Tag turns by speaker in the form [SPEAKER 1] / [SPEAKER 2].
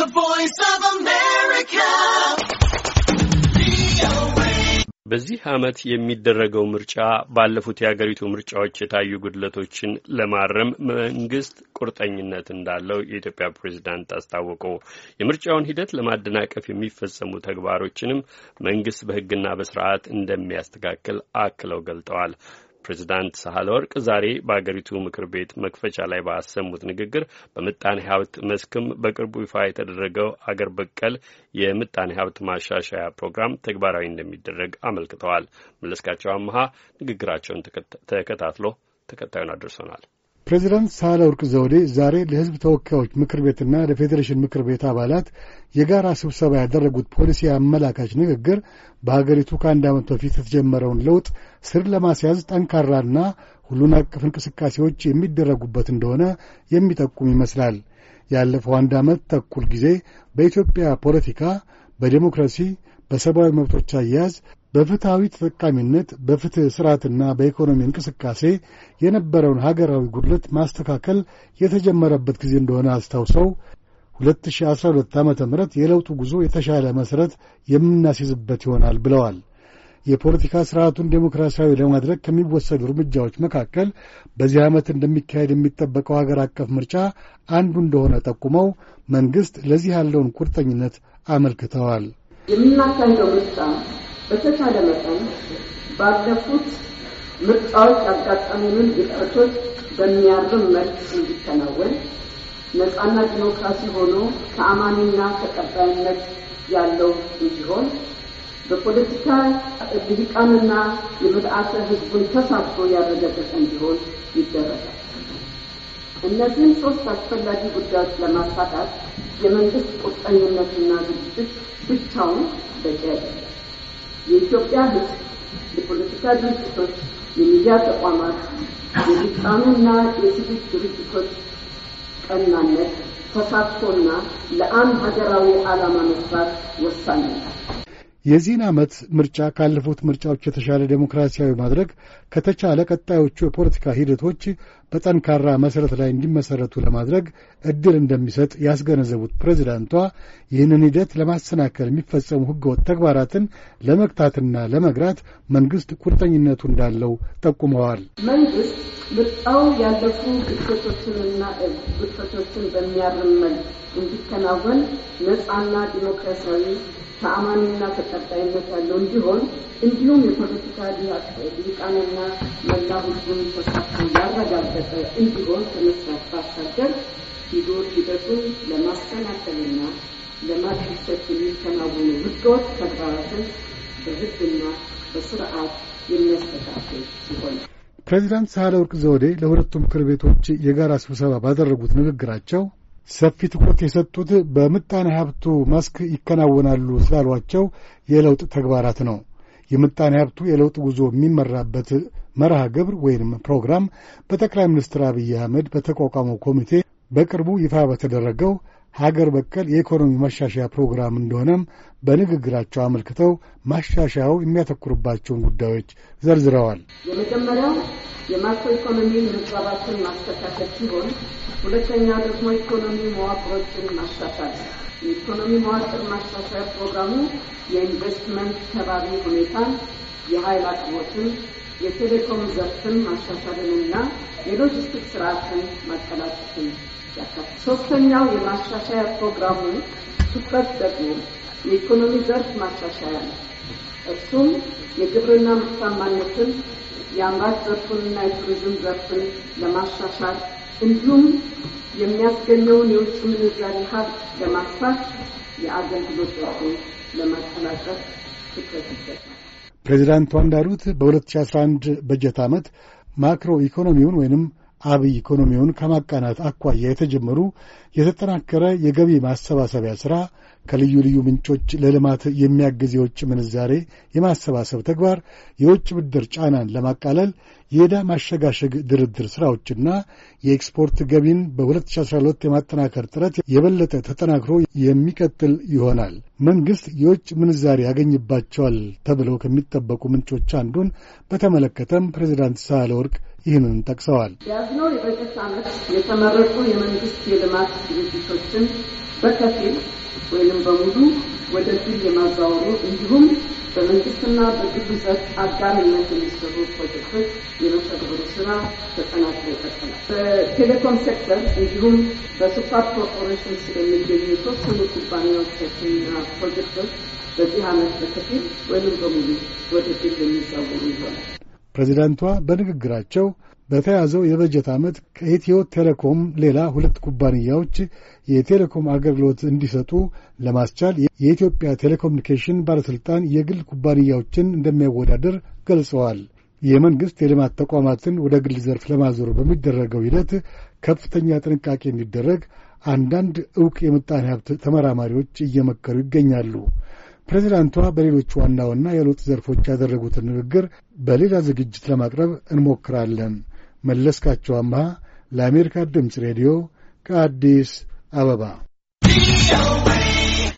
[SPEAKER 1] The Voice of America. በዚህ ዓመት የሚደረገው ምርጫ ባለፉት የአገሪቱ ምርጫዎች የታዩ ጉድለቶችን ለማረም መንግስት ቁርጠኝነት እንዳለው የኢትዮጵያ ፕሬዚዳንት አስታወቁ። የምርጫውን ሂደት ለማደናቀፍ የሚፈጸሙ ተግባሮችንም መንግስት በሕግና በስርዓት እንደሚያስተካክል አክለው ገልጠዋል። ፕሬዚዳንት ሳህለ ወርቅ ዛሬ በአገሪቱ ምክር ቤት መክፈቻ ላይ ባሰሙት ንግግር በምጣኔ ሀብት መስክም በቅርቡ ይፋ የተደረገው አገር በቀል የምጣኔ ሀብት ማሻሻያ ፕሮግራም ተግባራዊ እንደሚደረግ አመልክተዋል። መለስካቸው አመሀ ንግግራቸውን ተከታትሎ ተከታዩን አድርሶናል።
[SPEAKER 2] ፕሬዚዳንት ሳህለወርቅ ዘውዴ ዛሬ ለሕዝብ ተወካዮች ምክር ቤትና ለፌዴሬሽን ምክር ቤት አባላት የጋራ ስብሰባ ያደረጉት ፖሊሲ አመላካች ንግግር በሀገሪቱ ከአንድ ዓመት በፊት የተጀመረውን ለውጥ ስር ለማስያዝ ጠንካራና ሁሉን አቀፍ እንቅስቃሴዎች የሚደረጉበት እንደሆነ የሚጠቁም ይመስላል። ያለፈው አንድ ዓመት ተኩል ጊዜ በኢትዮጵያ ፖለቲካ፣ በዴሞክራሲ፣ በሰብአዊ መብቶች አያያዝ በፍትሐዊ ተጠቃሚነት በፍትሕ ሥርዓትና በኢኮኖሚ እንቅስቃሴ የነበረውን ሀገራዊ ጉድለት ማስተካከል የተጀመረበት ጊዜ እንደሆነ አስታውሰው 2012 ዓ ም የለውጡ ጉዞ የተሻለ መሠረት የምናስይዝበት ይሆናል ብለዋል። የፖለቲካ ሥርዓቱን ዴሞክራሲያዊ ለማድረግ ከሚወሰዱ እርምጃዎች መካከል በዚህ ዓመት እንደሚካሄድ የሚጠበቀው ሀገር አቀፍ ምርጫ አንዱ እንደሆነ ጠቁመው መንግሥት ለዚህ ያለውን ቁርጠኝነት አመልክተዋል።
[SPEAKER 1] የምናካሄደው ምርጫ በተቻለ መጠን ባለፉት ምርጫዎች ያጋጠሙንን ግጭቶች በሚያርም መልክ እንዲከናወን ነፃና ዲሞክራሲ ሆኖ ተአማኒና ተቀባይነት ያለው እንዲሆን በፖለቲካ ልሂቃንና የምልአተ ህዝቡን ተሳትፎ ያረጋገጠ እንዲሆን ይደረጋል። እነዚህን ሶስት አስፈላጊ ጉዳዮች ለማሳካት የመንግስት ቁርጠኝነትና ዝግጅት ብቻውን በቂ አይደለም። የኢትዮጵያ ሕዝብ፣ የፖለቲካ ድርጅቶች፣ የሚዲያ ተቋማት፣ የፍጻሜና የሲቪክ ድርጅቶች ቀናነት፣ ተሳትፎና ለአንድ ሀገራዊ ዓላማ መስራት ወሳኝነት
[SPEAKER 2] የዚህን ዓመት ምርጫ ካለፉት ምርጫዎች የተሻለ ዴሞክራሲያዊ ማድረግ ከተቻለ ቀጣዮቹ የፖለቲካ ሂደቶች በጠንካራ መሠረት ላይ እንዲመሠረቱ ለማድረግ ዕድል እንደሚሰጥ ያስገነዘቡት ፕሬዚዳንቷ ይህንን ሂደት ለማሰናከል የሚፈጸሙ ሕገወጥ ተግባራትን ለመግታትና ለመግራት መንግሥት ቁርጠኝነቱ እንዳለው ጠቁመዋል።
[SPEAKER 1] መንግሥት ምርጫው ያለፉ ግድፈቶችንና ግድፈቶችን በሚያርም መልክ እንዲከናወን ነፃና ዲሞክራሲያዊ ተአማኒና ተቀጣይነት ያለው እንዲሆን እንዲሁም የፖለቲካ ሊቃንና መላ ሁሉን ተሳትፎ ያረጋግጥ የተቀረጸ እንዲሆን ከመስራት ባሻገር ሂዶ ሂደቱን ለማስተካከልና ለማድረሰት የሚከናወኑ ህገወጥ ተግባራትን በህግና በስርዓት የሚያስተካክል ሲሆን
[SPEAKER 2] ፕሬዚዳንት ሳህለወርቅ ዘውዴ ለሁለቱ ምክር ቤቶች የጋራ ስብሰባ ባደረጉት ንግግራቸው ሰፊ ትኩረት የሰጡት በምጣኔ ሀብቱ መስክ ይከናወናሉ ስላሏቸው የለውጥ ተግባራት ነው። የምጣኔ ሀብቱ የለውጥ ጉዞ የሚመራበት መርሃ ግብር ወይንም ፕሮግራም በጠቅላይ ሚኒስትር አብይ አህመድ በተቋቋመው ኮሚቴ በቅርቡ ይፋ በተደረገው ሀገር በቀል የኢኮኖሚ ማሻሻያ ፕሮግራም እንደሆነም በንግግራቸው አመልክተው ማሻሻያው የሚያተኩርባቸውን ጉዳዮች ዘርዝረዋል።
[SPEAKER 1] የመጀመሪያው የማክሮ ኢኮኖሚ ምህጻባትን ማስተካከል ሲሆን፣ ሁለተኛ ደግሞ ኢኮኖሚ መዋቅሮችን ማሻሻል። የኢኮኖሚ መዋቅር ማሻሻያ ፕሮግራሙ የኢንቨስትመንት ከባቢ ሁኔታን፣ የሀይል አቅርቦትን የቴሌኮም ዘርፍን ማሻሻልንና የሎጂስቲክ ስርዓትን ማቀላጠፍን ያካትታል። ሶስተኛው የማሻሻያ ፕሮግራሙ ትኩረት ደግሞ የኢኮኖሚ ዘርፍ ማሻሻያ ነው። እሱም የግብርና ምርታማነትን፣ የአምራች ዘርፉንና የቱሪዝም ዘርፍን ለማሻሻል እንዲሁም የሚያስገኘውን የውጭ ምንዛሪ ሀብት ለማስፋት የአገልግሎት ዘርፉን ለማቀላጠፍ ትኩረት ይሰጣል።
[SPEAKER 2] ፕሬዚዳንቷ እንዳሉት በ2011 በጀት ዓመት ማክሮ ኢኮኖሚውን ወይንም አብይ ኢኮኖሚውን ከማቃናት አኳያ የተጀመሩ የተጠናከረ የገቢ ማሰባሰቢያ ሥራ ከልዩ ልዩ ምንጮች ለልማት የሚያግዝ የውጭ ምንዛሬ የማሰባሰብ ተግባር፣ የውጭ ብድር ጫናን ለማቃለል የዕዳ ማሸጋሸግ ድርድር ሥራዎችና የኤክስፖርት ገቢን በ2012 የማጠናከር ጥረት የበለጠ ተጠናክሮ የሚቀጥል ይሆናል። መንግሥት የውጭ ምንዛሬ ያገኝባቸዋል ተብለው ከሚጠበቁ ምንጮች አንዱን በተመለከተም ፕሬዚዳንት ሳህለወርቅ ይህንን ጠቅሰዋል።
[SPEAKER 1] ያዝነው የበጀት ዓመት የተመረጡ የመንግሥት የልማት ድርጅቶችን በከፊል ወይም በሙሉ ወደ ፊል የማዛወሩ እንዲሁም በመንግስትና በግሉሰት አጋርነት የሚሰሩ ፕሮጀክቶች የመተግበሩ ስራ ተጠናክሮ ይቀጥላል። በቴሌኮም ሴክተር እንዲሁም በሱፐር ኮርፖሬሽን ስለሚገኙ የተወሰኑ ኩባንያዎቻችንና ፕሮጀክቶች በዚህ አመት በከፊል ወይም በሙሉ ወደ ፊል የሚዛወሩ ይሆናል።
[SPEAKER 2] ፕሬዚዳንቷ በንግግራቸው በተያዘው የበጀት ዓመት ከኢትዮ ቴሌኮም ሌላ ሁለት ኩባንያዎች የቴሌኮም አገልግሎት እንዲሰጡ ለማስቻል የኢትዮጵያ ቴሌኮሙኒኬሽን ባለሥልጣን የግል ኩባንያዎችን እንደሚያወዳደር ገልጸዋል። የመንግሥት የልማት ተቋማትን ወደ ግል ዘርፍ ለማዞር በሚደረገው ሂደት ከፍተኛ ጥንቃቄ እንዲደረግ አንዳንድ ዕውቅ የምጣኔ ሀብት ተመራማሪዎች እየመከሩ ይገኛሉ። ፕሬዚዳንቷ በሌሎች ዋና ዋና የለውጥ ዘርፎች ያደረጉትን ንግግር በሌላ ዝግጅት ለማቅረብ እንሞክራለን። መለስካቸው አምሃ ለአሜሪካ ድምፅ ሬዲዮ ከአዲስ አበባ